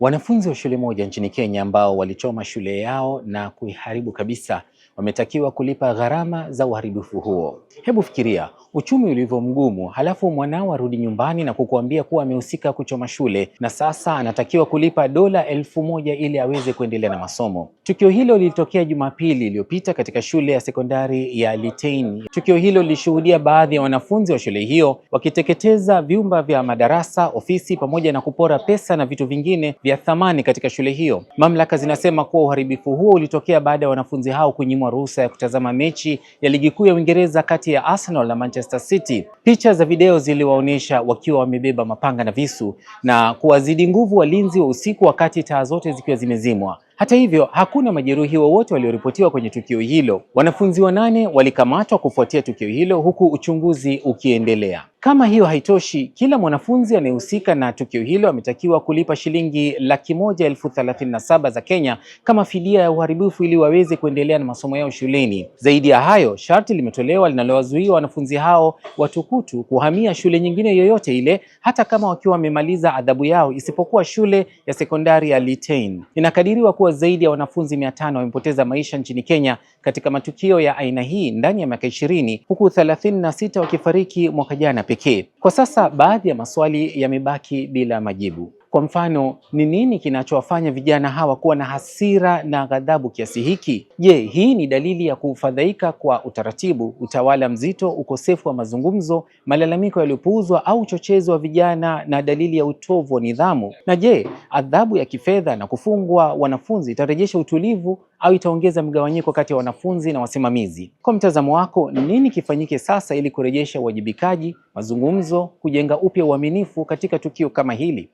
Wanafunzi wa shule moja nchini Kenya ambao walichoma shule yao na kuiharibu kabisa wametakiwa kulipa gharama za uharibifu huo. Hebu fikiria uchumi ulivyo mgumu, halafu mwanao arudi nyumbani na kukuambia kuwa amehusika kuchoma shule na sasa anatakiwa kulipa dola elfu moja ili aweze kuendelea na masomo. Tukio hilo lilitokea Jumapili iliyopita katika shule ya sekondari ya Litein. Tukio hilo lilishuhudia baadhi ya wanafunzi wa shule hiyo wakiteketeza vyumba vya madarasa, ofisi, pamoja na kupora pesa na vitu vingine vya thamani katika shule hiyo. Mamlaka zinasema kuwa uharibifu huo ulitokea baada ya wanafunzi hao kunyimwa ruhusa ya kutazama mechi ya ligi kuu ya Uingereza kati ya Arsenal na Manchester City. Picha za video ziliwaonyesha wakiwa wamebeba mapanga na visu na kuwazidi nguvu walinzi wa usiku, wakati taa zote zikiwa zimezimwa. Hata hivyo hakuna majeruhi wowote walioripotiwa kwenye tukio hilo. Wanafunzi wanane walikamatwa kufuatia tukio hilo, huku uchunguzi ukiendelea. Kama hiyo haitoshi, kila mwanafunzi anayehusika na tukio hilo ametakiwa kulipa shilingi laki moja elfu thelathini na saba za Kenya kama fidia ya uharibifu ili waweze kuendelea na masomo yao shuleni. Zaidi ya hayo, sharti limetolewa linalowazuia wanafunzi hao watukutu kuhamia shule nyingine yoyote ile hata kama wakiwa wamemaliza adhabu yao isipokuwa shule ya sekondari ya Litein. Inakadiriwa kuwa zaidi ya wanafunzi mia tano wamepoteza maisha nchini Kenya katika matukio ya aina hii ndani ya miaka ishirini huku thelathini na sita wakifariki mwaka jana pekee. Kwa sasa baadhi ya maswali yamebaki bila majibu. Kwa mfano, ni nini kinachowafanya vijana hawa kuwa na hasira na ghadhabu kiasi hiki? Je, hii ni dalili ya kufadhaika kwa utaratibu, utawala mzito, ukosefu wa mazungumzo, malalamiko yaliyopuuzwa au uchochezi wa vijana na dalili ya utovu wa nidhamu? Na je, adhabu ya kifedha na kufungwa wanafunzi itarejesha utulivu au itaongeza mgawanyiko kati ya wanafunzi na wasimamizi? Kwa mtazamo wako, nini kifanyike sasa ili kurejesha uwajibikaji, mazungumzo, kujenga upya uaminifu katika tukio kama hili?